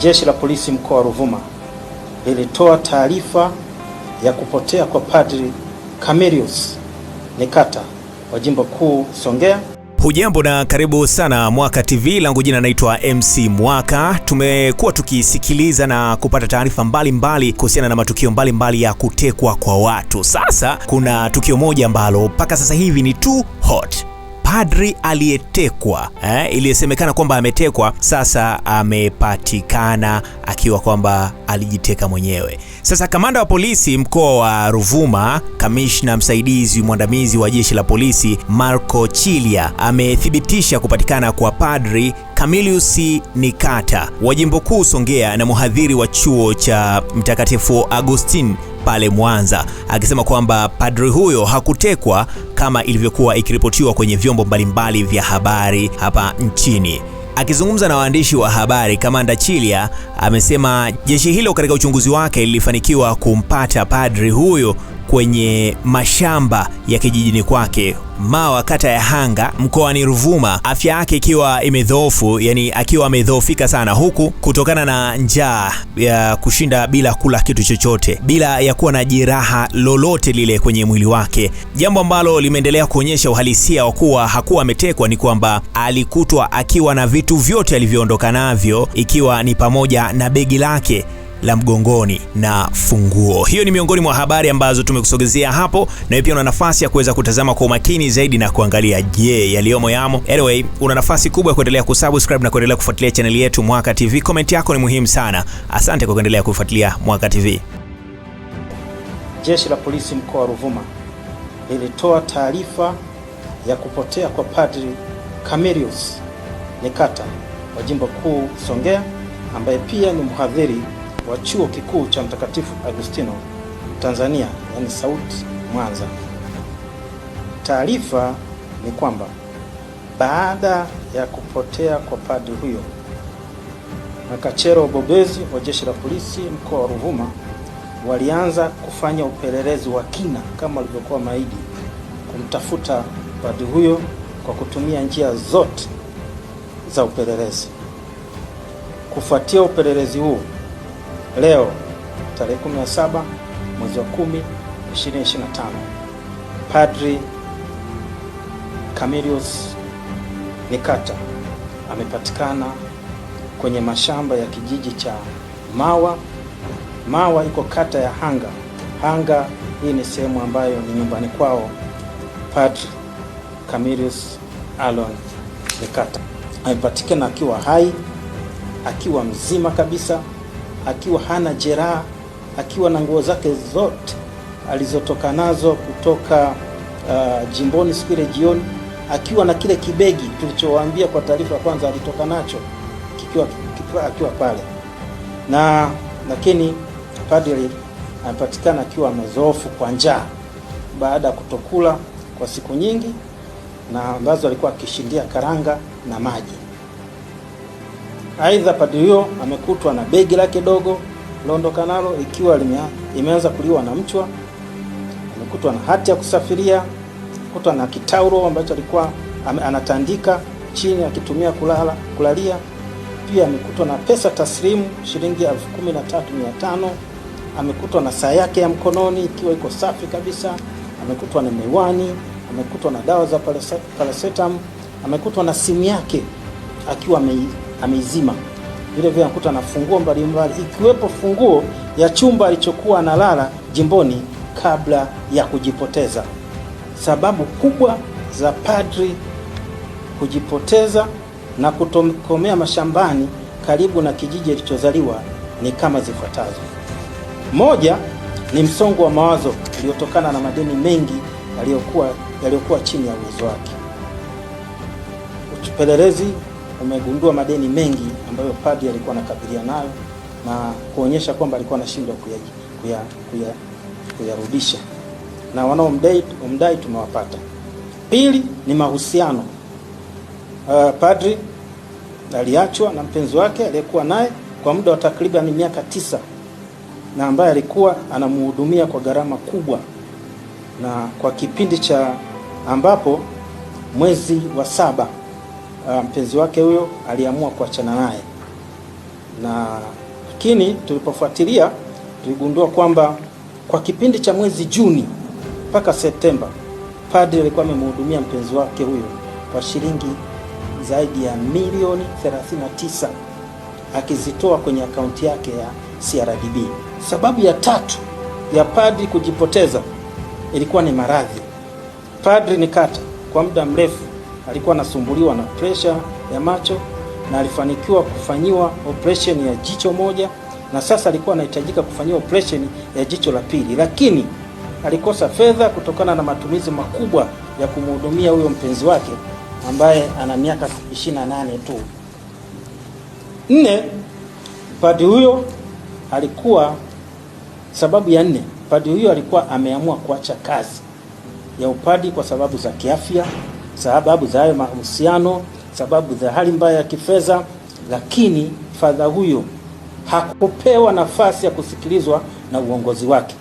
Jeshi la Polisi mkoa wa Ruvuma lilitoa taarifa ya kupotea kwa Padri Camillus Nikata wa Jimbo Kuu Songea. Hujambo na karibu sana Mwaka TV, langu jina naitwa MC Mwaka. Tumekuwa tukisikiliza na kupata taarifa mbalimbali kuhusiana na matukio mbalimbali mbali ya kutekwa kwa watu. Sasa kuna tukio moja ambalo mpaka sasa hivi ni too hot padri aliyetekwa eh, iliyosemekana kwamba ametekwa, sasa amepatikana akiwa kwamba alijiteka mwenyewe. Sasa kamanda wa polisi mkoa wa Ruvuma, kamishna msaidizi mwandamizi wa jeshi la polisi Marco Chilia amethibitisha kupatikana kwa padri Camilius Nikata wa jimbo kuu Songea na mhadhiri wa chuo cha Mtakatifu Agustin pale Mwanza, akisema kwamba padri huyo hakutekwa kama ilivyokuwa ikiripotiwa kwenye vyombo mbalimbali vya habari hapa nchini. Akizungumza na waandishi wa habari, Kamanda chilia amesema jeshi hilo katika uchunguzi wake lilifanikiwa kumpata padri huyo kwenye mashamba ya kijijini kwake Mawa kata ya Hanga mkoani Ruvuma, afya yake ikiwa imedhoofu, yani akiwa amedhoofika sana, huku kutokana na njaa ya kushinda bila kula kitu chochote, bila ya kuwa na jeraha lolote lile kwenye mwili wake, jambo ambalo limeendelea kuonyesha uhalisia wa kuwa hakuwa ametekwa, ni kwamba alikutwa akiwa na vitu vyote alivyoondoka navyo, ikiwa ni pamoja na begi lake la mgongoni na funguo. Hiyo ni miongoni mwa habari ambazo tumekusogezea hapo, na pia una nafasi ya kuweza kutazama kwa umakini zaidi na kuangalia, je, yaliyomo yamo. Anyway, una nafasi kubwa ya kuendelea kusubscribe na kuendelea kufuatilia chaneli yetu Mwaka TV. Comment yako ni muhimu sana. Asante kwa kuendelea kufuatilia Mwaka TV. Jeshi la polisi mkoa wa Ruvuma lilitoa taarifa ya kupotea kwa Padri Camillus Nikata wa jimbo kuu Songea ambaye pia ni mhadhiri wa Chuo Kikuu cha Mtakatifu Agustino Tanzania, yani SAUTI Mwanza. Taarifa ni kwamba baada ya kupotea kwa padri huyo, makachero bobezi wa jeshi la polisi mkoa wa Ruvuma walianza kufanya upelelezi wa kina kama walivyokuwa maidi kumtafuta padri huyo kwa kutumia njia zote za upelelezi. Kufuatia upelelezi huo leo tarehe 17 mwezi wa 10 2025, Padri camilius Nikata amepatikana kwenye mashamba ya kijiji cha Mawa. Mawa iko kata ya Hanga. Hanga hii ni sehemu ambayo ni nyumbani kwao Padri Camillus Alon Nikata amepatikana akiwa hai, akiwa mzima kabisa akiwa hana jeraha, akiwa na nguo zake zote alizotoka nazo kutoka uh, jimboni siku ile jioni, akiwa na kile kibegi tulichowaambia kwa taarifa ya kwanza alitoka nacho kikiwa, kikiwa, akiwa pale na lakini padri anapatikana akiwa amezoofu kwa njaa baada ya kutokula kwa siku nyingi na ambazo alikuwa akishindia karanga na maji. Aidha, padri huyo amekutwa na begi lake dogo liondoka nalo ikiwa imeanza kuliwa na mchwa. Amekutwa na hati ya kusafiria, kutwa na kitauro ambacho alikuwa anatandika chini akitumia kulala, kulalia. Pia amekutwa na pesa taslimu shilingi elfu kumi na tatu mia tano. Amekutwa na saa yake ya mkononi ikiwa iko safi kabisa. Amekutwa na miwani, amekutwa na dawa za paracetamol, amekutwa na simu yake akiwa ame ameizima. Vile vile anakuta na funguo mbalimbali, ikiwepo funguo ya chumba alichokuwa analala jimboni kabla ya kujipoteza. Sababu kubwa za padri kujipoteza na kutokomea mashambani karibu na kijiji alichozaliwa ni kama zifuatazo. Moja ni msongo wa mawazo uliotokana na madeni mengi yaliyokuwa chini ya uwezo wake. Upelelezi umegundua madeni mengi ambayo padri alikuwa anakabiliana nayo na kuonyesha kwamba alikuwa anashindwa kuyarudisha kuya, kuya, kuya na wanaomdai umdai tumewapata. Pili ni mahusiano. Uh, padri aliachwa na mpenzi wake aliyekuwa naye kwa muda wa takriban miaka tisa na ambaye alikuwa anamhudumia kwa gharama kubwa, na kwa kipindi cha ambapo mwezi wa saba Ah, mpenzi wake huyo aliamua kuachana naye, na lakini tulipofuatilia tuligundua kwamba kwa kipindi cha mwezi Juni mpaka Septemba padri alikuwa amemhudumia mpenzi wake huyo kwa shilingi zaidi ya milioni 39 akizitoa kwenye akaunti yake ya CRDB. Sababu ya tatu ya padri kujipoteza ilikuwa ni maradhi. Padri ni kata kwa muda mrefu alikuwa anasumbuliwa na presha ya macho na alifanikiwa kufanyiwa operation ya jicho moja, na sasa alikuwa anahitajika kufanyiwa operation ya jicho la pili, lakini alikosa fedha kutokana na matumizi makubwa ya kumhudumia huyo mpenzi wake ambaye ana miaka 28 tu. Nne, padi huyo alikuwa sababu ya nne, padi huyo alikuwa ameamua kuacha kazi ya upadi kwa sababu za kiafya sababu za hayo mahusiano, sababu za hali mbaya ya kifedha, lakini fadha huyo hakupewa nafasi ya kusikilizwa na uongozi wake.